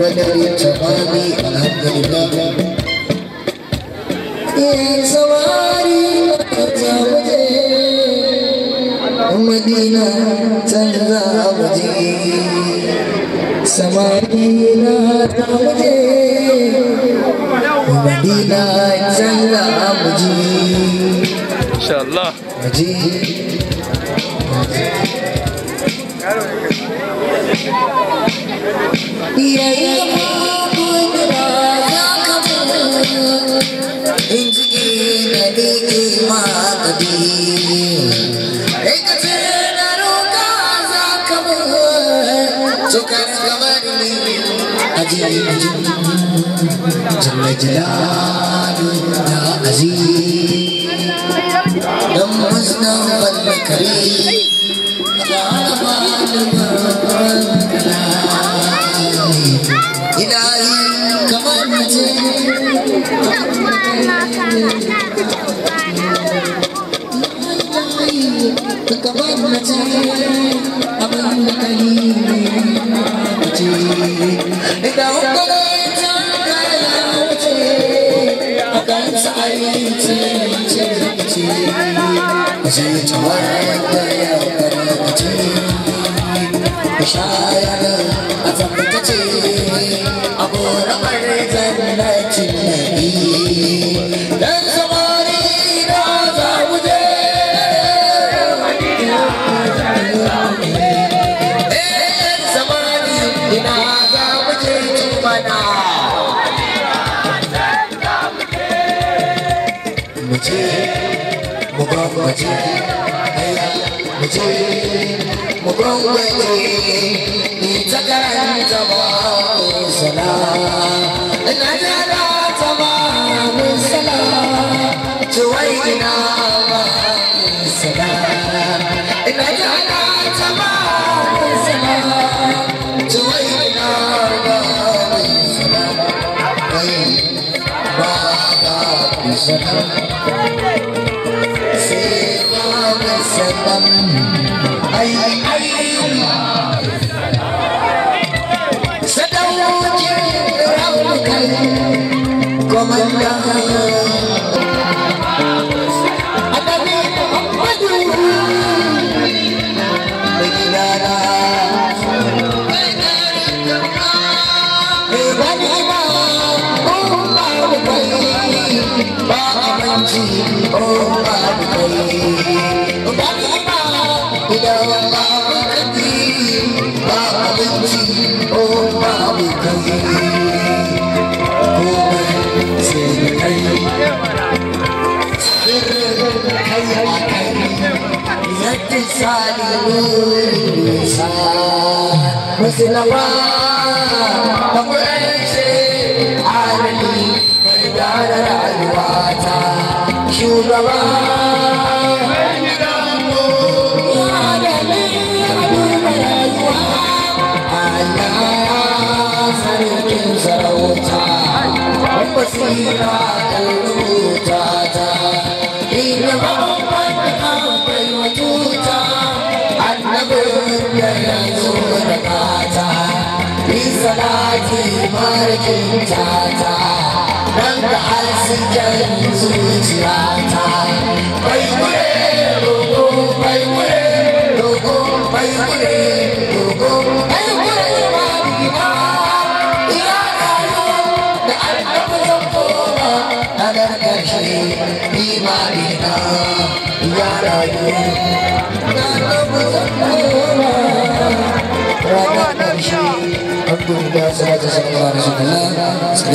ونبي تقاضي الحمد لله يا سواري تزوجي مدينة تزوجي سماري لا تزوجي Ina zalla muji insha Allah muji yayi abun da za ka in na na jalla jalalu ya aziz dan musnan fadkari Shine mu ce mu gwangwace mu ce ta na سداو جي راو لکيو گمندا Sila oh, pa, gyara rayuwata shugaba sarauta wasila da ta ina ba wanda kan bai watuta annabin da nan da har sigar zuciya ta bai gure roƙo bai gure roƙo bai gure roƙo bai gure ma ba ina gano da an taɓa zan koma na gargashi imani na ya rayu na taɓa zan koma ranar ƙarshe Abdul Gaza da Sallallahu Alaihi Wasallam